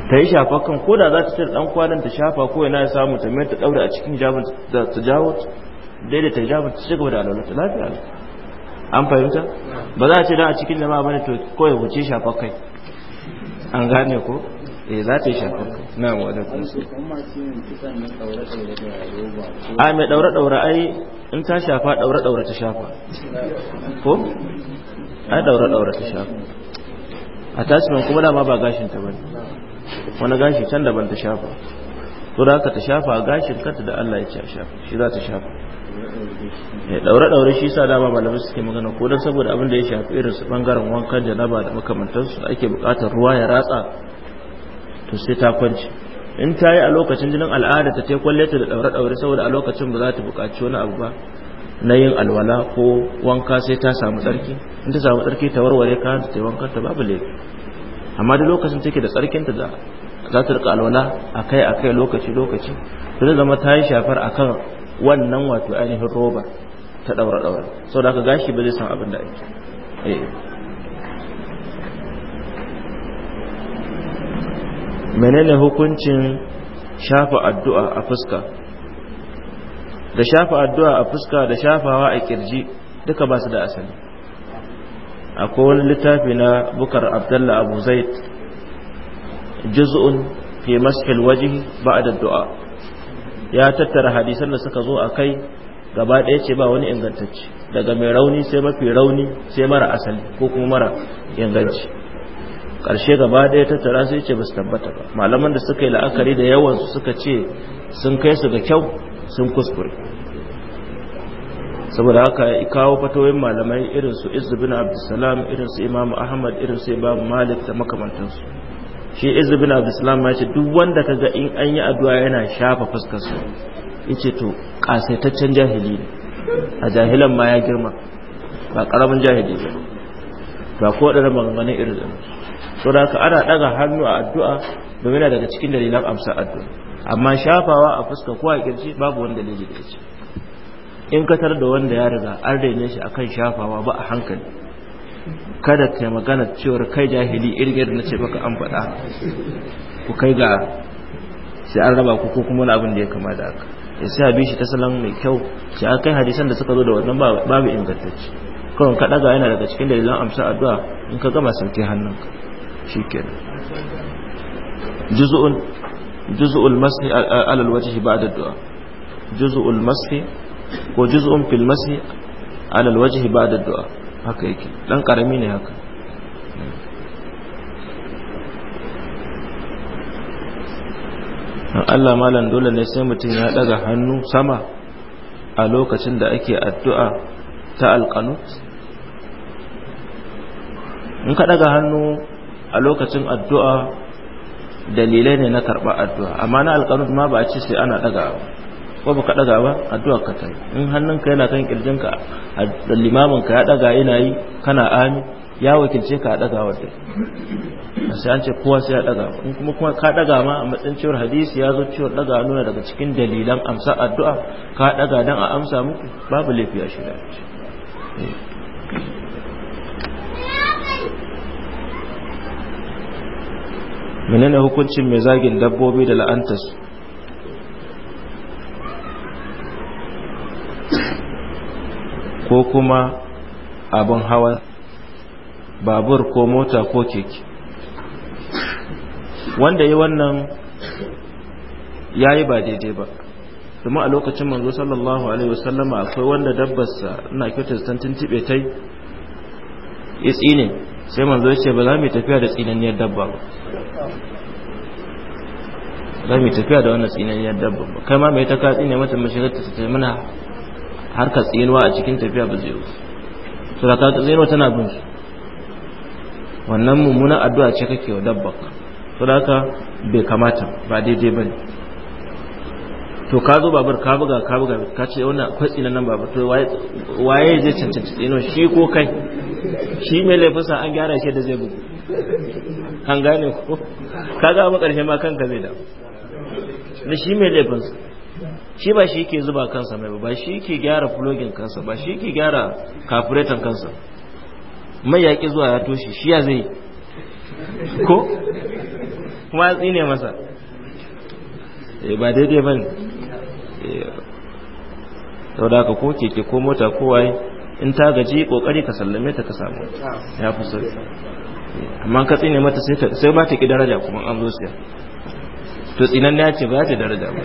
ta yi shafa kan ko da za ta cire dan kwalin ta shafa ko yana ya samu ta mai ta daura a cikin da ta jawo daidaita hijabin ta ci gaba da alwala ta lafiya an fahimta ba za a ce dan a cikin jama'a bane to ko ya wuce shafa kai an gane ko eh za ta yi shafa kai na wa su a mai daure daure ai in ta shafa daure daure ta shafa ko ai daure daure ta shafa a tasirin kuma dama ba gashin ta bane wani gashi can daban ta shafa to da aka ta shafa gashin kanta da Allah ya ce a shafa shi za ta shafa ya eh, daure daure shi sa dama malamai suke magana ko dan saboda abin da ya shafi irin su bangaren wankan janaba da su ake bukatar ruwa ya ratsa to sai ta kwance in ta yi a lokacin jinin al'ada ta ta kwalle ta da daure daure saboda a lokacin ba za ta buƙaci wani abu ba na yin alwala ko wanka sai ta samu tsarki in ta samu tsarki ta warware kayan ta wankan ta babu laifi amma da lokacin take da tsarkinta da za ta rika alwala akai akai lokaci lokaci to zai zama ta yi shafar akan wannan wato ainihin roba ta daura daura saboda aka gashi ba zai san abin da ake eh menene hukuncin shafa addu'a a fuska da shafa addu'a a fuska da shafawa a kirji duka ba su da asali akwai wani littafi na bukar abdalla abu zaid juz'un fi mashil waji ba'da du'a ya tattara hadisan da suka zo a kai gaba ɗaya ce ba wani ingantacce daga mai rauni sai mafi rauni sai mara asali ko kuma mara inganci ƙarshe gaba ɗaya tattara sai ce ba su tabbata ba malaman da suka yi la'akari da yawansu suka ce sun kai su ga kyau sun kuskure saboda haka ya kawo fatoyin malamai irin su izu bin abdulsalam irin su imam ahmad irin su imam malik da makamantansu shi izu bin abdulsalam ya ce duk wanda ka ga in an yi addu'a yana shafa fuskarsa ya ce to kasaitaccen jahili ne a jahilan ma ya girma ba karamin jahili ba ba ko da maganganun irin zama So da haka ana daga hannu a addu'a domin yana daga cikin dalilan amsa addu'a amma shafawa a fuska ko a kirji babu wanda dalili da in ka tar da wanda ya riga an rene shi akan shafawa ba a hankali kada ta magana cewar kai jahili irgir na ce baka an faɗa ku kai ga sai an raba ku ko kuma wani abin da ya kama da aka ya sai bi shi ta salon mai kyau sai an kai hadisan da suka zo da wannan babu ingantacce kawai ka daga yana daga cikin dalilan amsa addu'a in ka gama sauke hannunka shikenan juz'un juz'ul mashi ala alwajhi ba'da addu'a juz'ul mashi ko juz'un fil masi ala alwajhi ba'da du'a haka yake dan karami ne haka Allah malam dole ne sai mutum ya daga hannu sama a lokacin da ake addu'a ta alqanut in ka daga hannu a lokacin addu'a dalilai ne na karɓar addu'a amma na alqanut ma ba a ce sai ana daga ko baka daga ba addu'a ka tayi in hannunka yana kan kirjinka da limamin ka ya daga yana yi kana ami ya wakilce ka a daga wadda sai an ce kowa sai ya daga in kuma kuma ka daga ma a matsayin cewar hadisi ya zo cewar daga nuna daga cikin dalilan amsa addu'a ka daga dan a amsa muku babu laifi a shirya eh. menene hukuncin mai zagin dabbobi da la'antarsu ko kuma abin hawa babur ko mota ko keke wanda yi wannan ya yi ba daidai ba domin a lokacin manzo sallallahu alaihi wasallama akwai wanda dabbarsa na kyautar san tuntube ta ya tsine sai manzo ya ce ba za mu tafiya da tsinaniyar dabba ba za mu tafiya da wannan tsinaniyar dabba ba kai ma mai ta ka tsine mata mashigar ta ta mana Har ka tsinuwa a cikin tafiya ba zai to da ka tsinuwa tana bin su wannan mummunan addu'a ce kake wa dabba. to da ka bai kamata ba daidai ba ne to ka zo babur ka buga ka buga ka ce wannan akwai tsinan nan babur to waye zai cancanci tsinuwa shi ko kai shi mai laifinsa an gyara shi da zai bugu kan gane ko kaga a makarshe ma kanka zai da na shi mai laifinsa shi ba shi yake zuba kansa mai ba shi yake gyara flogin kansa ba shi yake gyara kafuretan kansa mai yaƙi zuwa ya toshe shi ya zai ko kuma ne masa eh, ba daidai ba ne eh, sau da ko keke ko mota ko waye in ta gaji kokari ka sallame ta ka samu ya fi sauri amma ka tsine mata sai ba ta ki daraja kuma an zo siya to tsinan ya ce ba ta daraja ba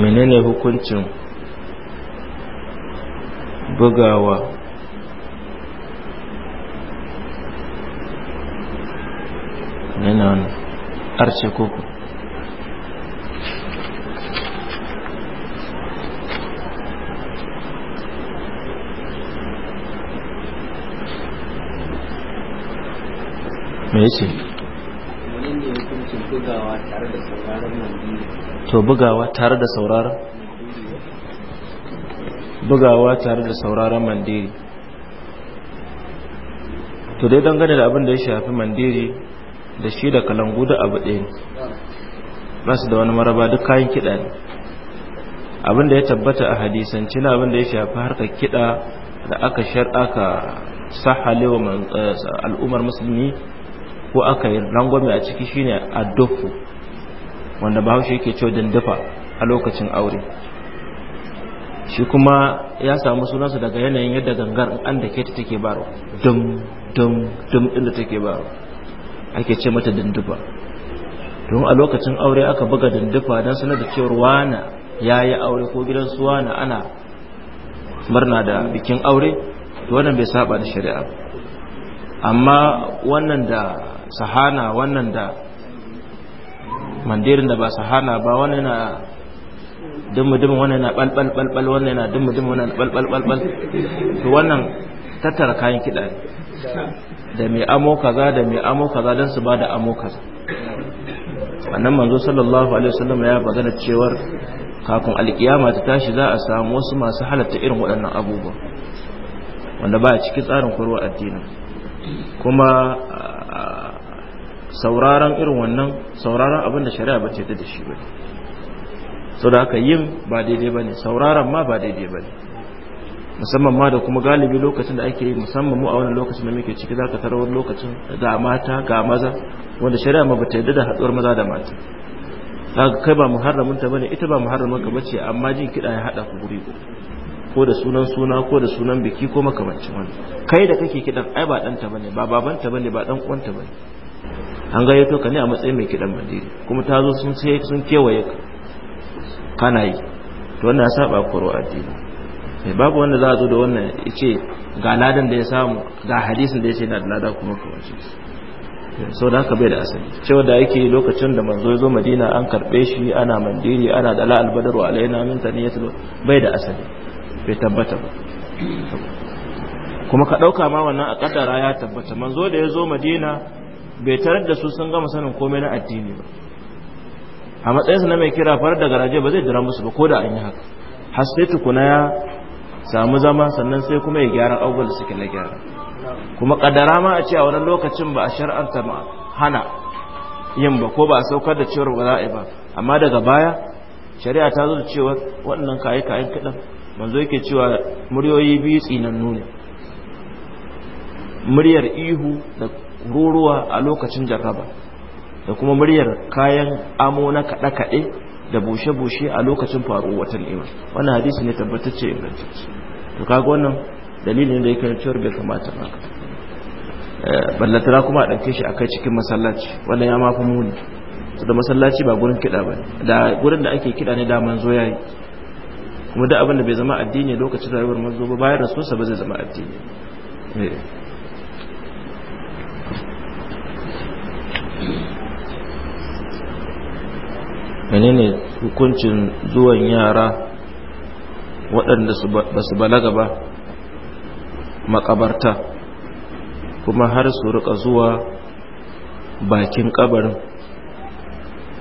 menene hukuncin bugawa yana arce koko mai ce. to bugawa tare da sauraron bugawa tare da sauraron mandiri to dai don gani da abin da ya shafi mandiri da shi da kalangu da abu ɗaya ba su da wani maraba duk kayan kiɗa ne abin da ya tabbata a hadisanci na abin da ya shafi harkar kiɗa da aka ka sahalewa eh, al'ummar musulmi ko aka yi rangwame a ciki shine addofu wanda bahaushe yake cewa dandafa a lokacin aure shi kuma ya samu sunansa daga yanayin yadda gangar an da ta take baro dum dum dum din da take baro ake ce mata dandufa don a lokacin aure aka buga dandufa don sanar da cewar wana ya yi aure ko gidan su wana ana murna da bikin aure wannan bai saba da shari'a amma wannan da sahana wannan da mandirin da ba sahana ba wannan na dumudum wannan na bal bal wannan na dumudum wannan bal bal to wannan tattara kayan ne da mai amo kaza da mai amo kaza don su bada amo kaza wannan manzo sallallahu alaihi wasallam ya bazana cewar kafin alkiyama ta tashi za a samu wasu masu halatta irin waɗannan abubuwa wanda ba a cikin tsarin kurwa addini kuma sauraron irin wannan sauraron abin da shari'a ba ta da shi ba sau da aka yin ba daidai ba ne sauraron ma ba daidai ba ne musamman ma da kuma galibi lokacin da ake yi musamman mu a wani lokacin da muke ciki za ka tarawar lokacin ga mata ga maza wanda shari'a ma ba ta yadda da haɗuwar maza da mata kaga kai ba muharramin ta bane ita ba muharramin ka bace amma jin kiɗa ya haɗa ku guri ko da sunan suna ko da sunan biki ko makamancin wani kai da kake kiɗan ai ba ɗanta bane ba babanta bane ba ɗan ta bane an gayyato ka ne a matsayin mai kiɗan mandiri kuma ta zo sun sai sun kewaye ka kana yi to wannan ya saba koro addini sai eh, babu wanda za a zo da wannan yace ga ladan da ya samu ga hadisin da yace yana da lada kuma ka shi eh, sau da haka bai da asali cewa da yake lokacin da manzo ya zo madina an karɓe shi ana mandiri ana da la'al badaru alaina min taniyatu bai da asali bai tabbata ba kuma ka ɗauka ma wannan a ƙaddara ya tabbata manzo da ya zo madina bai tarar da su sun gama sanin komai na addini ba a matsayinsa na mai kira farar da garaje ba zai jira musu ba ko da an yi haka har sai tukuna ya samu zama sannan sai kuma ya gyara abubuwan da suke na gyara kuma kadara ma a ce a wani lokacin ba a shar'anta ma hana yin ba ko ba a saukar da cewar ba yi ba amma daga baya shari'a ta zo da cewar waɗannan kayi kayan kiɗan manzo yake cewa muryoyi biyu tsinannu ne muryar ihu da ruruwa a lokacin jarraba da kuma muryar kayan amo na kaɗe-kaɗe da bushe-bushe a lokacin faruwar watan iman wannan hadisi ne ce ingantacce to kaga wannan dalilin da ya yake cewa bai kamata ba eh, ballatara kuma a ɗauke shi a kai cikin masallaci wannan ya mafi muni to da masallaci ba gurin kiɗa ba da gurin da ake kiɗa ne da manzo ya yi kuma duk abin da bai zama addini lokacin rayuwar manzo ba bayan rasuwarsa ba zai zama addini eh. menene hukuncin zuwan yara waɗanda ba su balaga ba makabarta kuma har su rika zuwa bakin kabarin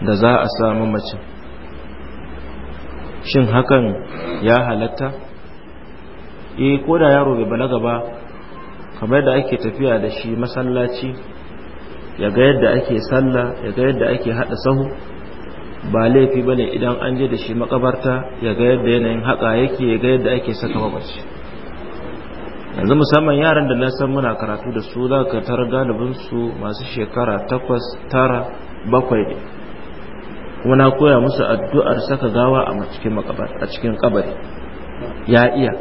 da za a samu mace shin hakan ya halatta eh ko da yaro bai balaga ba kamar da ake tafiya da shi masallaci ya ga yadda ake sallah ya ga yadda ake hada sahu ba laifi bane idan an je da shi makabarta ya ga yadda yanayin haka yake ya ga yadda ake saka mabarci yanzu musamman yaran da na san muna karatu da su za ka tar galibin su masu shekara takwas tara bakwai kuma na koya musu addu'ar saka gawa a cikin kabari ya iya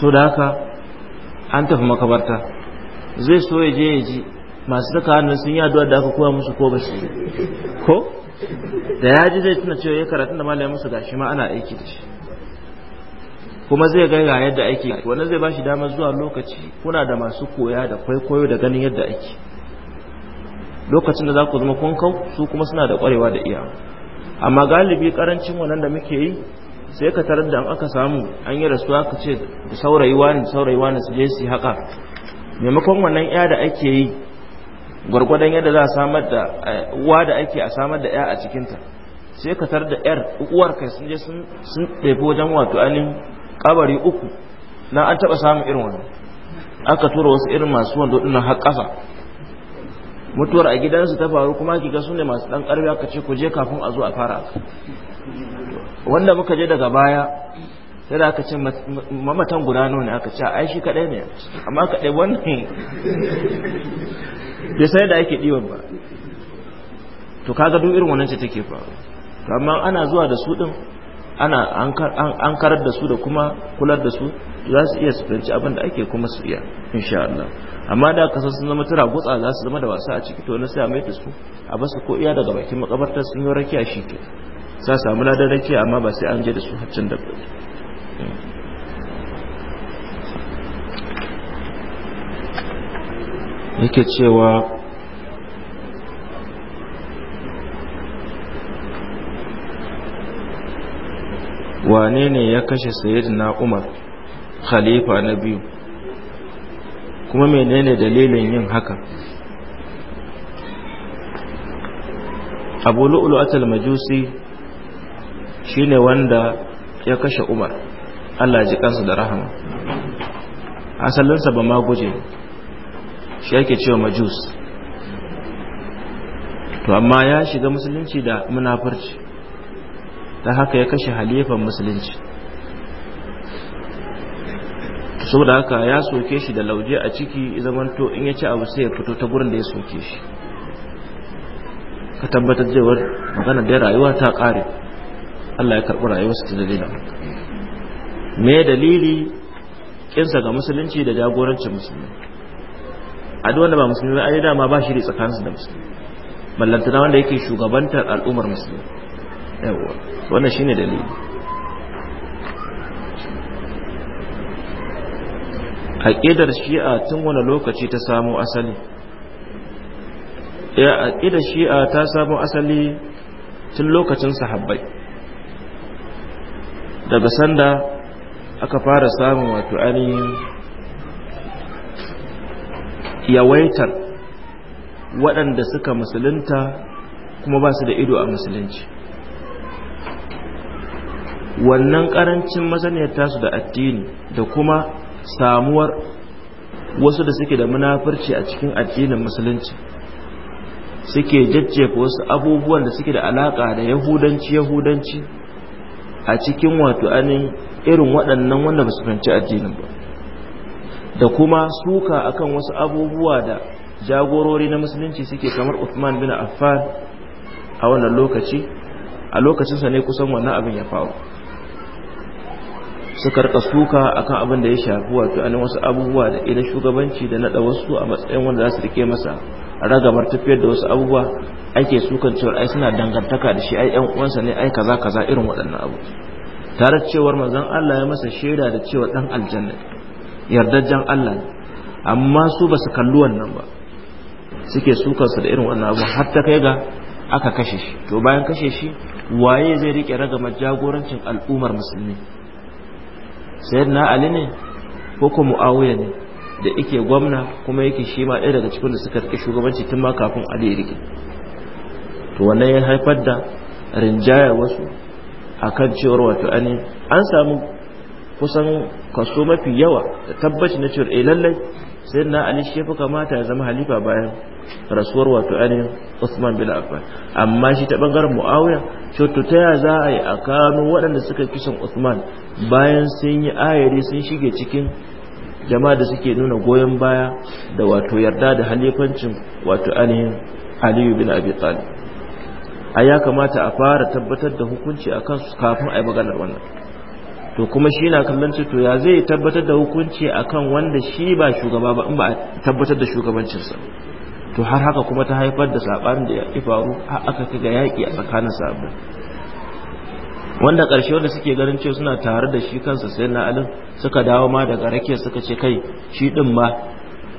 so da haka an tafi makabarta zai so ya je ya ji masu saka hannun sun yi addu'a da aka koya musu ko ba su ko da ya ji zai tuna cewa ya karatu da malamin musu gashi ma ana aiki da shi kuma zai ga ga yadda aiki wannan zai bashi damar zuwa lokaci kuna da masu koya da kwaikwayo da ganin yadda aiki lokacin da za ku zama kun su kuma suna da kwarewa da iya amma galibi karancin wannan da muke yi sai ka tarar da an aka samu an yi rasuwa ka ce da saurayi wani saurayi wani su je su yi haka maimakon wannan ya da ake yi gwargwadon yadda za a samar da eh, uwa da ake a samar da ya a cikinta sai ka tar da yar uwar kai sun je sun ɗaifi wajen wato ainihin kabari uku na an taɓa samun irin wani aka tura wasu irin masu wando ɗin har ƙasa mutuwar a gidansu ta faru kuma kika su ne masu ɗan ƙarfi aka ce ku je kafin a zo a fara aka. wanda muka je daga baya sai da aka ce mamatan guda ne aka ce a aishi kaɗai ne amma kaɗai wannan bai sai yadda ake ɗiwon ba to kaga duk irin wannan ce take faru amma ana zuwa da su din ana an karar da su da kuma kular da su za su iya su fahimci abin da ake kuma su iya insha Allah amma da kasar sun zama tura gutsa za su zama da wasa a ciki to na sai mai da su a basu ko iya daga bakin makabartar sun yi rakiya shi ke sa samu ladan rakiya amma ba sai an je da su haccin da yake cewa wane ne ya kashe na umar khalifa na biyu kuma menene dalilin yin haka abu lu'ulu'atul majusi shine wanda ya kashe umar allah ji da rahama asalinsa ba ma guje shi yake cewa majus to amma ya shiga musulunci da munafurci ta haka ya kashe halifan musulunci da haka ya soke shi da lauje a ciki zamanto in ya ci abu sai ya fito ta gurin da ya soke shi ka tabbatar cewar magana da rayuwa ta kare Allah ya karɓi rayuwarsa ta dalila me dalili kinsa ga musulunci da jagorancin musulmi a duk wanda ba musulmi ba ai dama ba shi da tsakaninsu da musulmi ballantana wanda yake shugabantar al'ummar musulmi yawa wannan shine dalili aƙidar shi'a tun wani lokaci ta samo asali ya eh, aƙidar shi'a ta samo asali tun lokacin sahabbai daga sanda aka fara samun wato ainihin yawaitar waɗanda suka musulunta kuma ba su da ido a musulunci wannan ƙarancin masaniyar tasu da addini da kuma samuwar wasu da suke da munafurci a cikin addinin musulunci suke jajjefa wasu abubuwan da suke da alaƙa da yahudanci yahudanci a cikin wato anin irin waɗannan wanda ba su fahimci addinin ba da kuma suka akan wasu abubuwa da jagorori na musulunci suke kamar Uthman bin Affan a wannan lokaci a lokacinsa ne kusan wannan abin ya faru suka rika suka akan abin da ya shafi wato an wasu abubuwa da ina shugabanci da nada wasu a matsayin wanda za su rike masa ragamar tafiyar da wasu abubuwa ake sukan cewar ai suna dangantaka da shi ai yan uwansa ne ai kaza kaza irin waɗannan abu tare da cewar manzon Allah ya masa shaida da cewa dan aljanna yardajjen Allah amma su ba su kalli wannan ba suke sukarsu da irin wannan abu har ta kai ga aka kashe shi to bayan kashe shi waye zai rike ragama jagorancin al'ummar musulmi sayyidina ali ne ko ko muawiya ne da yake gwamna kuma yake shi ma ɗaya daga cikin da suka rike shugabanci tun ma kafin ali ya rike to wannan ya haifar da rinjayar wasu akan cewar wato an samu kusan kaso mafi yawa da tabbaci na cewa eh, lallai sai na ali shi fi kamata ya zama halifa bayan rasuwar wato ainihin Usman bin Affan amma shi ta bangaren Muawiya shi to ta za a yi a kano waɗanda suka kisan Usman bayan sun yi ayari sun shige cikin jama'a da suke nuna goyon baya da wato yarda da halifancin wato ainihin Aliyu bin Abi Talib a ya kamata a fara tabbatar da hukunci akan su kafin a yi maganar wannan to kuma shi na kallon to ya zai tabbatar da hukunci akan wanda shi ba shugaba ba in ba tabbatar da shugabancinsa to har haka kuma ta haifar da sabanin da ya faru har aka ga yaki a tsakanin sabbin wanda ƙarshe wanda suke ganin cewa suna tare da shi kansa sai na alin suka dawo ma daga rakiya suka ce kai shi din ma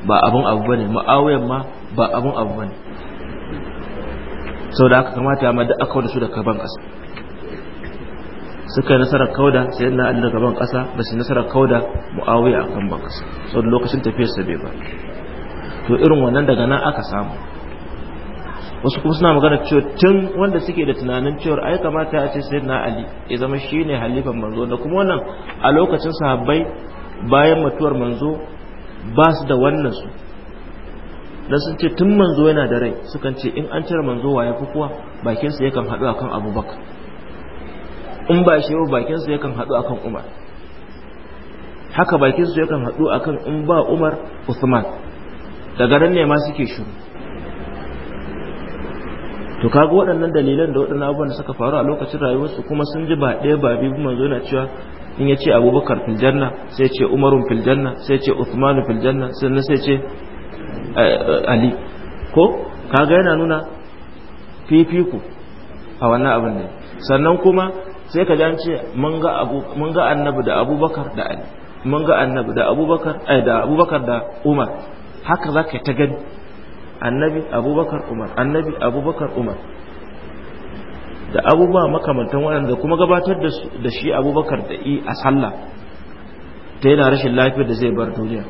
ba abun abu bane ma'awuyan ma ba abun abu bane sau da aka kamata ma duk aka wada su da kaban ƙasa suka yi nasarar kauda sai na ali gaban kasa ba su nasarar kauda muawiya kan ban kasa sau da lokacin tafiyar sa bai ba to irin wannan daga nan aka samu wasu kuma suna magana cewa tun wanda suke da tunanin cewa ai kamata a ce sai na ali ya zama shi ne halifan manzo da kuma wannan a lokacin sahabbai bayan mutuwar manzo ba su da wannan su dan sun ce tun manzo yana da rai sukan ce in an cire manzo waye fi kuwa bakin sa yakan haɗu akan abubakar in ba shi ba bakin su yakan hadu akan Umar haka bakin su yakan hadu akan in ba Umar Usman daga ran ne ma suke shiru to kaga waɗannan dalilan da waɗannan abubuwan da suka faru a lokacin rayuwarsu kuma sun ji ba ɗaya ba biyu manzo na cewa in ya ce abubakar fil janna sai ce umarun fil janna sai ce uthmanu fil janna sannan sai ce eh, eh, ali ko kaga yana nuna fifiku a wannan abin ne sannan kuma sai ka ji ce mun ga annabi da abubakar da ali mun ga annabi da abubakar ai eh, da abubakar da umar haka za ka ta gani annabi abubakar umar annabi abubakar umar da abubuwa makamantan waɗanda kuma gabatar da shi abubakar da i a sallah ta yana rashin lafiyar da zai bar duniya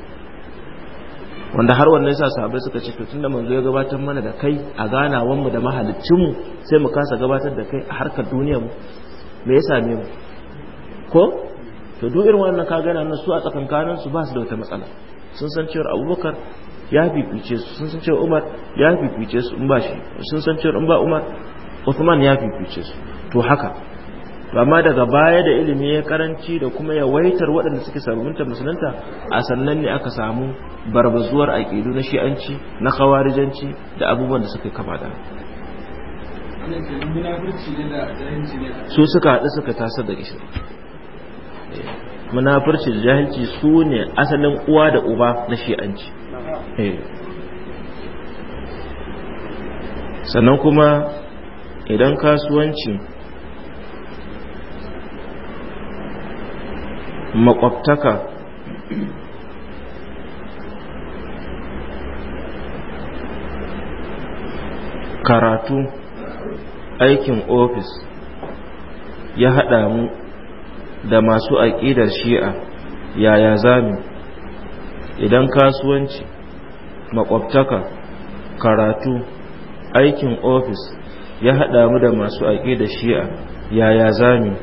wanda har wannan yasa sahabbai suka ce to tunda manzo ya gabatar mana da kai a ganawan mu da mahaliccinmu mu sai mu kasa gabatar da kai a harkar duniya mu me ya same mu ko to duk irin wannan ka gana nan su a tsakankanin su ba su da wata matsala sun san cewa abubakar ya fifice su sun san cewa umar ya fifice su in ba shi sun san cewa in ba umar Uthman ya fifice su to haka to amma daga baya da ilimi ya karanci da kuma ya waitar waɗanda suke sabunta musulunta a sannan ne aka samu barbazuwar aƙidu na shi'anci na khawarijanci da abubuwan da suka kama da su suka haɗu suka tasa da munafurci da jahilci su ne asalin uwa da uba na shi'anci eh. sannan kuma idan kasuwanci makwabtaka karatu aikin ofis ya haɗa mu da masu aƙidar shi'a yaya zamu idan kasuwanci makwabtaka karatu aikin ofis ya haɗa mu da masu aƙidar shi'a yaya zamu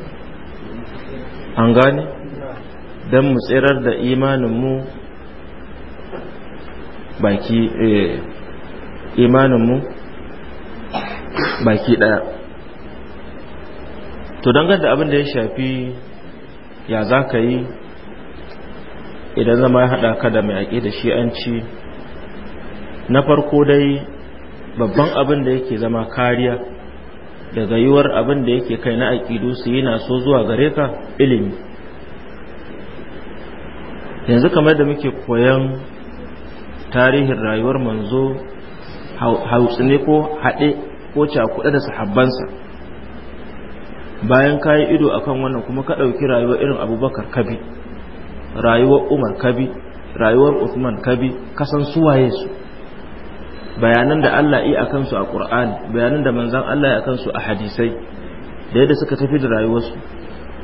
an gane don mu tsirar da imaninmu baki eh, imaninmu baki daya to dangane da abin da ya shafi ya za ka yi idan zama ya haɗa ka da mai ake da shi'anci na farko dai babban abin da yake zama kariya daga yiwuwar abin da yake kai na aƙidu su yi na so zuwa gare ka ilimi yanzu kamar da muke koyan tarihin rayuwar manzo hautsine ko haɗe ko kuɗa da sahabbansa bayan kayi ido akan wannan kuma ka ɗauki rayuwar irin abubakar kabi rayuwar umar kabi rayuwar usman kabi kasan suwaye su bayanan da allah yi a kansu a ƙur'ani bayanan da manzan allah yi a kansu a hadisai da yadda suka tafi da rayuwarsu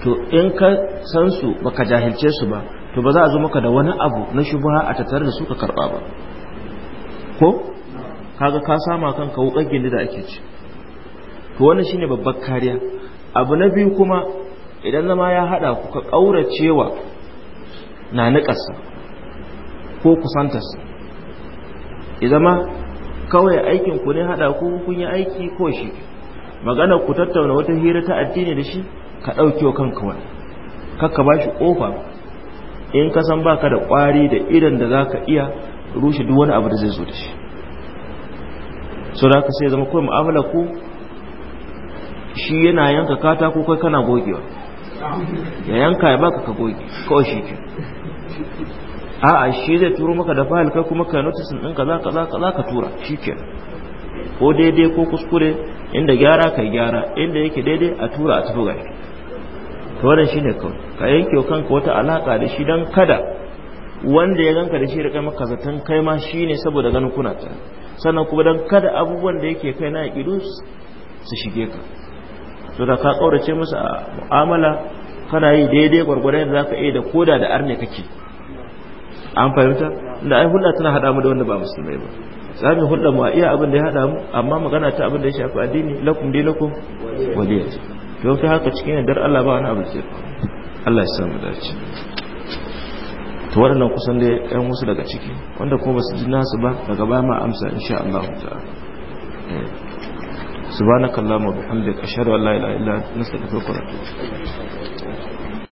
to in ka san su baka jahilce su ba to ba za a zo maka da wani abu na shubha a tattare da su ka karba ba ko kaga ka sama kanka wukar gindi da ake ci to wannan shine babbar kariya abu na biyu kuma idan zama ya hada ku ka kauracewa na niƙasa ko kusantarsa idan ma kawai aikin ku ne hada ku kun yi aiki ko shi magana ku tattauna wata hira ta addini da shi ka ɗauke wa kanka wani kakka ba shi ƙofa in ka san baka da ƙwari da irin da za ka iya rushe duk wani abu da zai zo da shi so da ka sai zama kawai mu'amala ku shi yana yanka katako kai kana gogewa ya yanka ya baka ka goge kawai shi ke a'a shi zai turo maka da fahil kai kuma ka notice din ka kaza ka tura shi ke ko daidai ko kuskure inda gyara ka gyara inda yake daidai a tura a tafi gashi to wannan shine kawai ka yanke wa kanka wata alaka da shi dan kada wanda ya ganka da shi da kai maka zaton kai ma shine saboda ganin kuna tare sannan kuma don kada abubuwan da yake kai na aƙidu su shige ka to da ka ƙaurace musu a mu'amala kana yi daidai gwargwadon da za ka iya da koda da arne kake an fahimta da ai hulɗa tana haɗa mu da wanda ba musulmai ba za mu hulɗa mu a iya abin da ya haɗa mu amma magana ta abin da ya shafi addini lakum lakum waliyat to fi haka cikin yardar Allah ba wani abu sai Allah ya samu dace to waɗannan kusan da yan wasu daga ciki wanda kuma ba su ji nasu ba daga baya ma amsa insha Allah ta'ala eh. subhanakallahumma wa bihamdika ashhadu an la ilaha illa anta astaghfiruka wa atubu